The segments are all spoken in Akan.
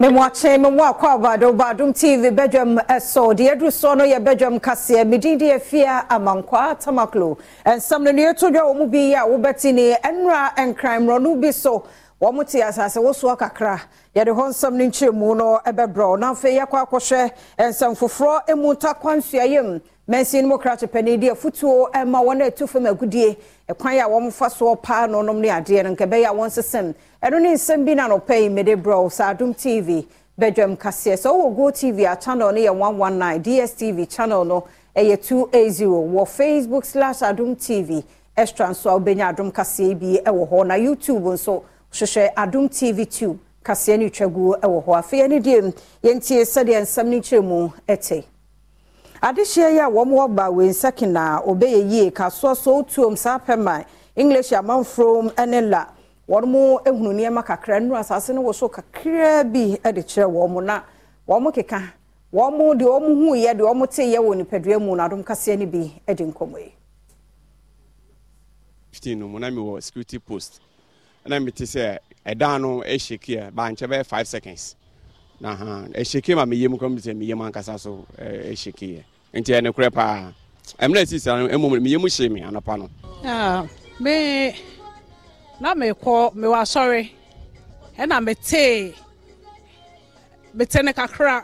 memmoakye memmo akɔ abado baadom tv badwam ɛsɔ deɛ ɛduru soɔ no yɛ badwam kaseɛ medin de afia amankwa tamaklo ɛnsɛm no no yɛto dwa wɔ mu bi yɛ a wobɛte ne ɛnora ɛnkran mmorɔno bi so wɔn te asase wosoa kakra yɛde hɔ nsɛm no nkyerɛmu no ɛbɛbrɛ na afei yɛkɔ akɔhwɛ nsɛm foforɔ emu eh, e ntakwa nsuayɛ mu mɛnsin mu kra kyepɛni deɛ futuo ɛma eh, wɔn a ɛtu fam agudie ɛkwan eh, a wɔn fa soɔ paa na ɔnom ne adeɛ eh, no nkɛbɛyɛ a wɔn sesɛm ɛno ne nsɛm bi na nɔpɛ yi mede brɛw saa adum tv bedroom kaseɛ sɛ ɔwɔ go tv a channel no yɛ one one nine dstv channel no ɛyɛ two eight zero wɔ facebook slash adum tv extra nso a wobɛnya adum kaseɛ bi ɛwɔ hɔ na youtube nso hwehwɛ adum tv tube kaseɛ no twa gu ɛwɔ hɔ afei ɛne deɛ yɛntie sɛdeɛ nsɛm no kyerɛ mu ɛte adehyeɛ yi a wɔn wɔba wei second a ɔbɛyɛ yie kasoɔ so otuom saa pɛma english amanfoɔ ne la wɔn mo ehunu nneɛma kakra nnuro asase no wɔ so kakra bi de uh, kyerɛ wɔn na wɔn keka wɔn mo deɛ wɔn hu yɛ deɛ wɔn te yɛ wɔ nipadua mu na adom kaseɛ no bi de nkɔmɔ yi. fifteen no mu mi wɔ security post ɛna mi ti sɛ ɛdan no ehyɛ kia bankyɛ bɛyɛ five seconds. na ha ehyeke ma meyie mu kora mu meyie mu ankasa so ehyekeɛ nti ɛne korɛ paa na esi sa mmom meyie mu hye me anapa no. me na mekɔ mewɔ asɔre ɛna metee metee ne kakra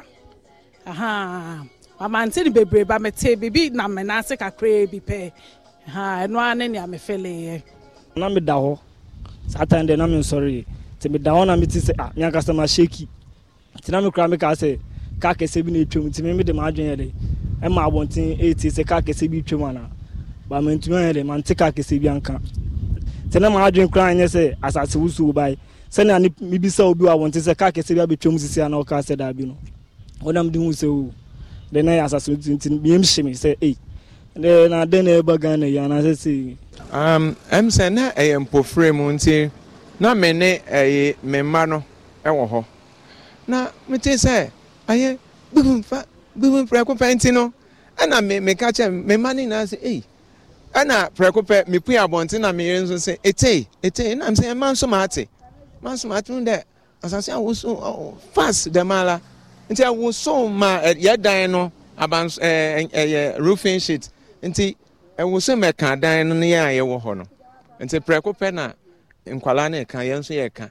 amante ne bebree ba metee biribi na me nan ase kakra bi pɛ ɛno ara ne nea mefeleeɛ. na meda hɔ saa time deɛ na me nsɔre yɛ nti da hɔ na mete sɛ ah me ankasa ma hyeki. tena nti na mekora meka sɛ ka kɛsɛ bi na ɛtwam nti meme de maadwene de ɛma abɔnten ɛtie sɛ ka kɛsɛ bi twam anaa ba mantumi ayɛ ma mante ka kɛsɛ bi anka Tena na adwene kora anyɛ sɛ asase wusu wosuo bae sɛnea mebisa obi wɔ abɔnten sɛ ka kɛsɛ bi abɛtwam sisi ana ɔka sɛ daabi no wonam de hu sɛ o de na yɛ asase nti miem hye me sɛ ei na de na ɛba ghana yi anaasɛ sei ɛm sɛ na ɛyɛ mpofra mu nti na mene ne ɛyɛ me no ɛwɔ hɔ na meche sɛ ayɛ gbegbu prɛko pɛ nti no ɛna meka kyɛ mema ne nyinaa sɛ ei ɛna prɛko pɛ mepue abɔnten na meyere nso sɛ etei etei nam sɛ ɛma nso ma ate ma nso ma ate no dɛ asase awoso fast dɛm ala nti awoso ma yɛ dan no abans ɛɛ ɛyɛ roofing sheet nti awoso ma ɛka dan no ne yɛn a yɛwɔ hɔ no nti prɛko pɛ na nkwalaa no ɛka yɛn nso yɛ ɛka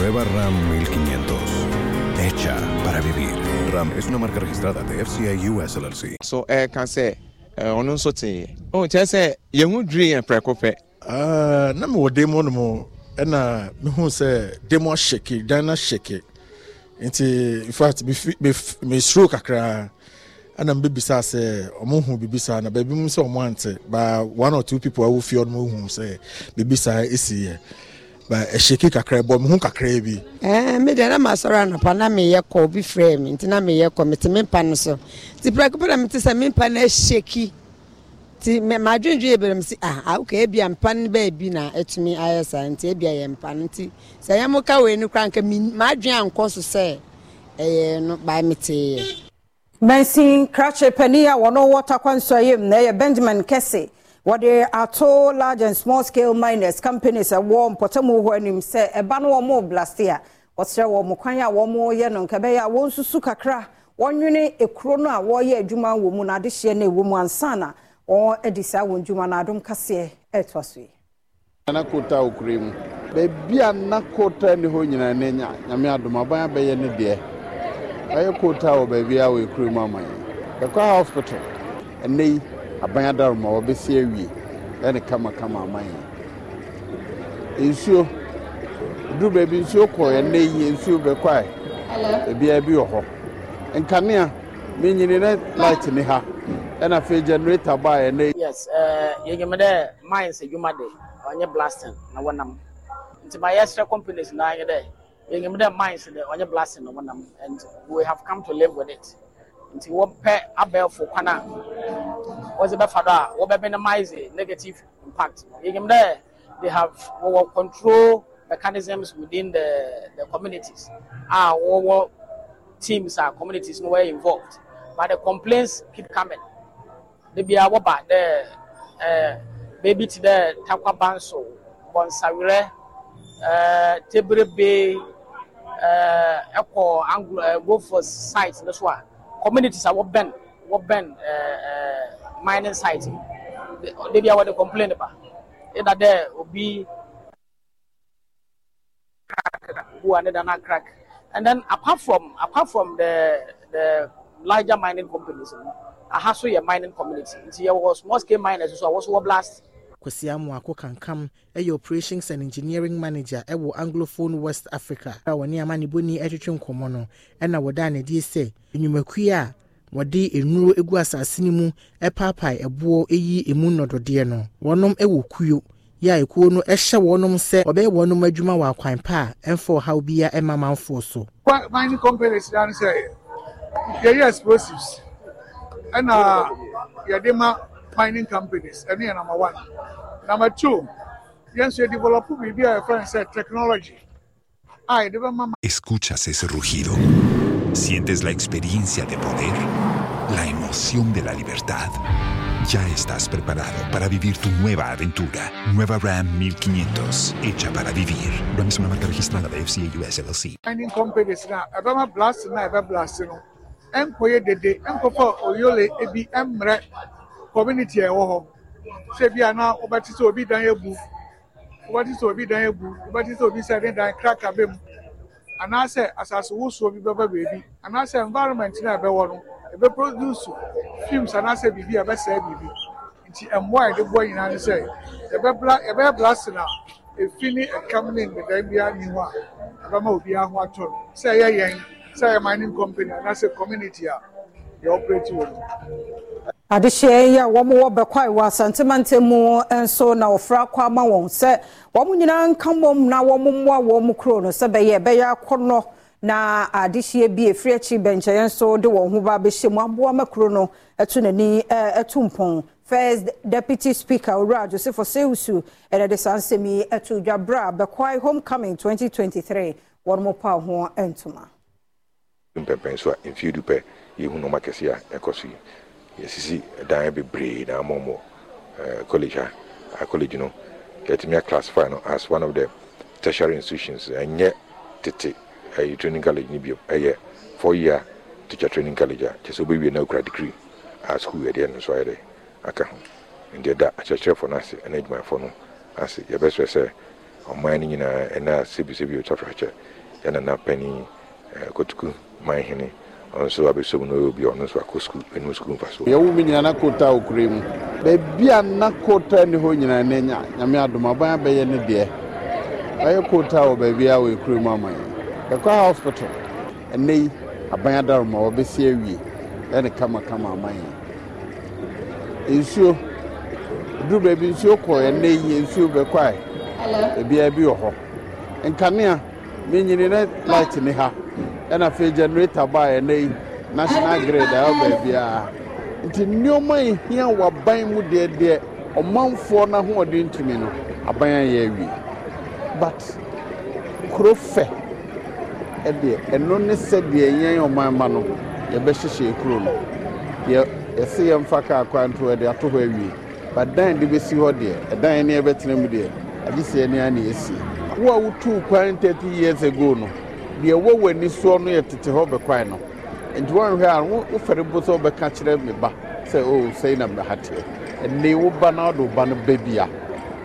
Nueva RAM 1500. Hecha para vivir. RAM es una marca registrada de FCA US LLC. So, eh, can say, eh, ono nso te. Oh, kyerɛ sɛ yɛn ho dwiri yɛn prɛko pɛ. Ah, na mewɔ dan mu no mu ɛna mehu sɛ dan mu ahyɛke dan no ahyɛke nti infact mesuro kakraa ɛna mbɛbisa sɛ ɔmo hu biribi saa na baabi mu sɛ ɔmo ante ba one or two people a wofi ɔno mo hu sɛ biribi saa esi yɛ. ɛhyɛki kakra bɔ mehu kakra bi mede na masɔre anɔpa na meyɛ kɔ obi frɛ me nti na meyɛ kɔ mete me mpa no so nti prɛko pɛ na mete sɛ me mpa no ahyɛki nti madwendwe yɛ bɛrɛm si ah woka ah, ebia mpa no baabi na ɛtumi ayɛ saa nti ebia yɛ mpa no nti sɛ yɛ moka wei no kora nka madwen ankɔ so sɛ ɛyɛ no bae meteeɛ mansin krakye a wɔno wɔ takwa na ɛyɛ benjamin kɛse wɔde ato large and small scale miners companies ɛwɔ mpɔtamu hɔ anim sɛ ɛba no wɔn blase a wɔsrɛ wɔn kwan a wɔyɛ no nkɛbɛyɛ a wɔn nsusu kakra wɔnwene ekuro no a wɔyɛ adwuma wɔ mu na adehyeɛ no ɛwɔ mu ansana wɔn saa wɔn dwuma na adom kaseɛ ɛɛtoa so yi. anakota okura mu beebi a nakota ne hɔ nyinaa n'anya nyame adom abɛyɛ ne deɛ ɔyɛ kota wɔ beebi a wɔ ekura mu ama yɛn yɛkɔ hospital ɛnɛ yi. aban adaroma wɔbɛsi awie ɛne kamakama aman yɛ nsuo duru baabi nsuo kɔɔ ɛnna yie nsuo bɛkɔe ebiara bi wɔ hɔ nkanea menyini ne light ne ha ɛna afei generator baa ɛnna yi. yes eh, yɛnyɛm dɛ mines adwuma de ɔnyɛ blasting na wɔnam nti ma yɛsrɛ companies na ayɛ dɛ yɛnyɛm dɛ mines de ɔnyɛ blasting na wɔnam and we have come to live with it nti wɔpɛ abɛɛfo kwan a wɔdze bɛfa do a wɔbɛ minimize negative impact yɛnyim dɛ they have wɔwɔ control mechanisms within the the communities a wɔwɔ teams a communities no were involved but the complaints keep coming de bia wɔba dɛ ɛɛ beebi ti dɛ takwaba nso bɔnsawerɛ ɛɛ tebere bee ɛɛ ɛkɔ anglo ɛɛ go for site no so a communities are what wɔbɛn wɔbɛn ɛɛ mining sites. They bi what they complain about. ɛda dɛ obi crack bu a ne da na crack and then apart from apart from the the larger mining companies uh, I have so yɛ mining community nti yɛ wɔ small scale miners nso a wɔso blast. Kwasi Amuako Kankam ɛyɛ Operations and Engineering Manager ɛwɔ Anglophone West Africa a wɔne amaniboni ɛtwetwe nkɔmmɔ no ɛna wɔda anadie sɛ nnwumakuo a wɔde nnuro egu asase no mu ɛpaapae ɛboɔ eyi emu nnɔdɔdeɛ no wɔnom ɛwɔ kuo yɛ a ekuo no ɛhyɛ wɔnom sɛ ɔbɛyɛ wɔnom adwuma wɔ akwan pa a ɛmfa ɔhaw bia ɛma manfoɔ so. mining companies dan sɛ yɛyɛ explosives ɛna yɛde ma mining companies and number one number two yɛn nso develop technology escuchas ese rugido sientes la experiencia de poder la emoción de la libertad Ya estás preparado para vivir tu nueva aventura. Nueva Ram 1500, hecha para vivir. Ram es una marca registrada de FCA US LLC. Mining companies na, ebama blast na blast no. Enkoye dede, enkofo oyole community ɛwɔ hɔ sɛ bi a na wɔbɛte obi dan ebu wɔbɛte sɛ obi dan ebu wɔbɛte sɛ obi sɛ ne dan kraka bɛ mu anaasɛ asase wosoɔ bi bɛba beebi anaasɛ environment na ɛbɛwɔ no ebe produce films anaasɛ biribi a ɛbɛsɛɛ biribi nti mmoa a yɛde boɔ nyinaa ne sɛ yɛbɛbla yɛbɛyɛ blessing a efi ne ɛkam ne ndedan biara ni hɔ a ɛbɛma obiara ho atɔ no sɛ ɛyɛ yɛn sɛ ɛyɛ mining company anaasɛ community a yɛ operate wɔ no adehyɛ yi a wɔn wɔ bɛkwae wɔ asantemante mu nso na wɔfra akɔ ama wɔn sɛ wɔn nyinaa nka mɔm na wɔn mmoa wɔn kuro no sɛ bɛyɛ bɛyɛ akɔnɔ na adehyɛ bi efiri akyi bɛnkyɛn nso de wɔn ho ba abɛhyɛ mu aboama kuro no ɛto n'ani ɛɛto mpɔn first deputy speaker owura joseph osewusu ɛna de saa nsɛm yi ɛto dwa bra bɛkwae homecoming 2023 wɔn mo pa ho ntoma. mpɛmpɛn so a mfiri du pɛ yehu nneɛma kɛseɛ a ɛkɔ so yi yɛsisi dan bebree na ama eh, college, uh, college a uh, college no yɛtumi classify no as one of the tertiary institutions ɛnyɛ eh, tete ɛyɛ eh, training college no bio ɛyɛ four year teacher training college a kyɛ sɛ wobɛwie na wokura degree a ah, school yɛdeɛ no nso ayɛ dɛ aka ho nti ɛda akyerɛkyerɛfoɔ no ase ɛne adwumayɛfoɔ no ase yɛbɛsrɛ sɛ ɔman no nyinaa ɛna sɛbisɛ bi ɔtɔfrakyɛ yɛnana pani kotuku manhene nso abɛsom no bi ɔno nso akɔ skul ɛnum skul mfa so yɛwo me nyina na kota a wokura mu baabi a na kota ne hɔ nyinaa na nya nyame adom aban abɛyɛ ne deɛ ɛyɛ kota wɔ baabi a wɔɛkura mu ama yɛ yɛkɔ ha hospital ɛnɛ yi aban adaroma wɔbɛsi awie ɛne e kamakama ama yɛ nsuo e duru beebi nsuo kɔ ɛnɛ yi nsuo bɛkɔe ebiaa bi wɔ hɔ nkanea menyini ne light ni ha ɛna afei generator baa ɛnɛ e yi national grid a ɛwɔ e e a nti nneɛma ehia wɔ aban mu deɛdeɛ ɔmanfoɔ n'ahoɔden tumi no aban ayɛ awie but kuro fɛ ɛdeɛ ɛno ne sɛdeɛ yɛn ɔman ma no yɛbɛhyehyɛ kuro no yɛ yɛsi yɛn fa kaa kwan to ɛde ato hɔ awie but dan de besi hɔ deɛ ɛdan ne yɛbɛtena mu deɛ adi sɛ ɛne ani esie. wo a wotuu kwan 30 years ago no deɛ ɛwɔ w'ani soɔ no yɛ tete hɔ bɛkwan no nti wɔnhwɛ a wofɛre bo sɛ wobɛka kyerɛ me ba sɛ o oh, sɛi na mmeha teɛ ɛnne wo ba no wode wo ba no ba bia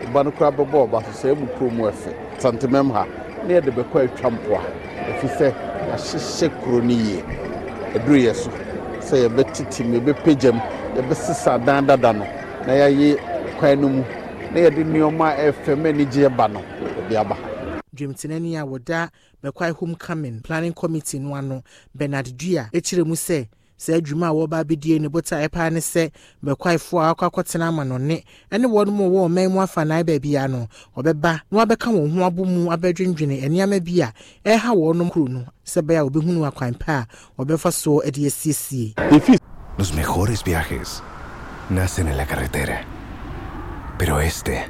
wo ba no koraa bɛbɔ ɔba so sɛ mu kurom ɛfɛ santemam ha na yɛde bɛkɔ atwa mpoa ɛfiri sɛ yɛahyehyɛ kuro no yie ɛduruyɛ so sɛ yɛbɛtete mu yɛbɛpagya mu yɛbɛsesa dan dada no na yɛaye kwan no mu na yɛde nneɔma a ɛfɛ ma anigyeɛ ba no de aba dwamtenani a wɔda bɛkwae homecoming planning committee no ano bernard dua kyerɛ mu sɛ saa adwuma a wɔba abɛdie ne botaeɛ paa ne sɛ bɛkwaefoɔ a akɔ akɔtena ama no ne ɛne wɔn mu wɔwɔ ɔman mu afanan baabia no wɔbɛba na wɔabɛka wɔn ho abo mu abɛdwendwene nneɛma bi a ɛreha wɔn kuro no sɛ bɛyɛ a wɔbɛhunu akwan pa a wɔbɛfa so de asiesie Los mejores viajes nacen en la carretera, pero este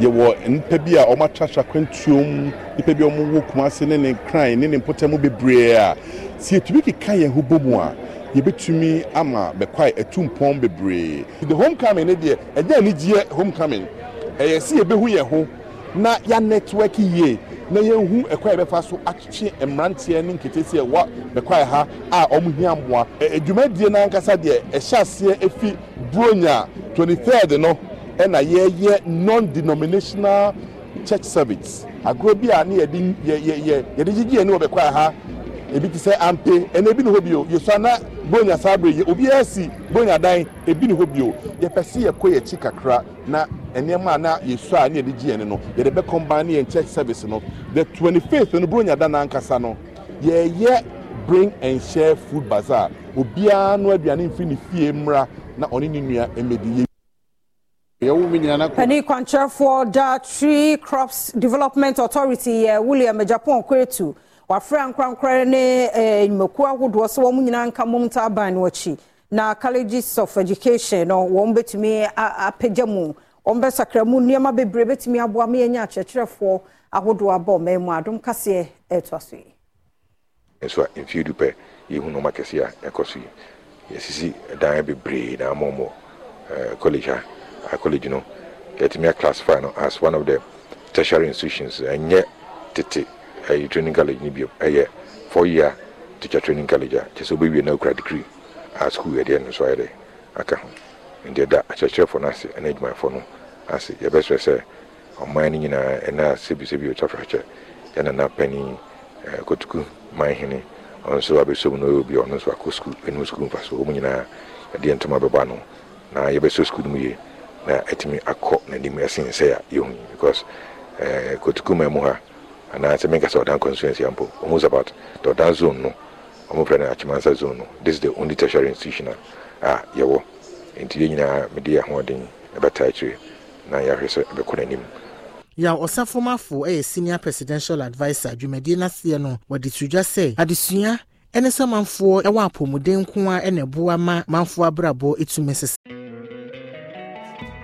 yɛwɔ nnipa bi a wɔn atratra kwantuom nnipa bi a wɔwɔ kumase ne ne nkran ne ne mpɔtamu bebree a sɛ yɛtumi keka yɛn ho bɔ a yɛbɛtumi ama bɛkwae atu mpɔn bebree the homecoming ne deɛ ɛnyɛ anigyeɛ homecoming ɛyɛ sɛ yɛbɛhu yɛn ho na yɛ network yie na yɛnhu ɛkwae bɛfa so atwe mmeranteɛ ne nketesia ɛwɔ bɛkwae ha a wɔn hia mmoa adwumadie no ankasa deɛ ɛhyɛ aseɛ efi buronya twenty third no ɛna yɛyɛ e e non-denominational church service agorɔ bi a ne yɛde yɛyɛ yɛde gyegye yɛn ni wɔbɛkɔ aha ebi ti sɛ ampe ɛna ebi ni hɔ bio yɛsɔ ana bonya saa bere yɛ obiara si bonya dan ebi ni hɔ bio yɛpɛ si yɛkɔ yɛkyi kakra na nneɛma a na yɛsɔ a ne yɛde gye yɛn no yɛde bɛ combine ne yɛn church service no the twenty fifth no bonya dan nankasa no yɛyɛ bring and share food bazaar obiara no aduane nfin ne fie mmra na ɔne ne nua mmedi yɛ mu nyinaa nakɔ. pani kwankyerɛfoɔ da tree crops development authority yɛ william japan kwetu wafra nkorankora ne nnwumakuo ahodoɔ sɛ wɔn nyinaa nka mom ta aban no akyi na colleges of education no wɔn bɛtumi apagya mu wɔn bɛsakra mu nneɛma bebree bɛtumi aboa ma yɛnya akyerɛkyerɛfoɔ ahodoɔ abɔ ɔman mu adom kaseɛ ɛɛtoa so yi. nso a mfiri dupɛ yɛhu nneɛma kɛseɛ a ɛkɔ so yi yɛsisi dan bebree na amɔmmɔ college a a college no yɛtumi aclassify no as one of the tertiary institutions ɛnyɛ tete ɛyɛ training college no bio ɛyɛ four year teacher training college a kyɛ sɛ wobɛwie na wokura degree a school yɛdeɛ no so ayɛ dɛ aka ho nti ɛda akyerɛkyerɛfoɔ no ase ɛne adwumayɛfoɔ no ase yɛbɛsrɛ sɛ ɔman no nyinaa ɛna sɛbisɛbi ɔtwafrakyɛ yɛnana pani kotuku man hene ɔnso abɛsom no ɔyɛ obi ɔno nso akɔ skul ɛnu skul mfa so ɔmu nyinaa yɛde ntoma bɛba no na yɛbɛsɛ skul no mu yie na ɛtumi akɔ n'anim ɛsen sɛ a yɛhu because ɛɛ eh, kotukuma mu ha anaasɛ menka sɛ ɔdan constituency ampo ɔmu about the ɔdan zone no ɔmu frɛ no akyemansa zone no this is the only tertiary institution a a yɛwɔ nti yɛn nyinaa mede yɛ ahoɔden ɛbɛta akyire na yɛahwɛ sɛ ɛbɛkɔ n'anim yà ɔsafomafo ɛyɛ senior presidential adviser dwumadie n'aseɛ no wɔde to dwa adesua ɛne sɛ manfoɔ ɛwɔ apɔmuden a ɛna ɛboa ma manfoɔ abrabɔ etumi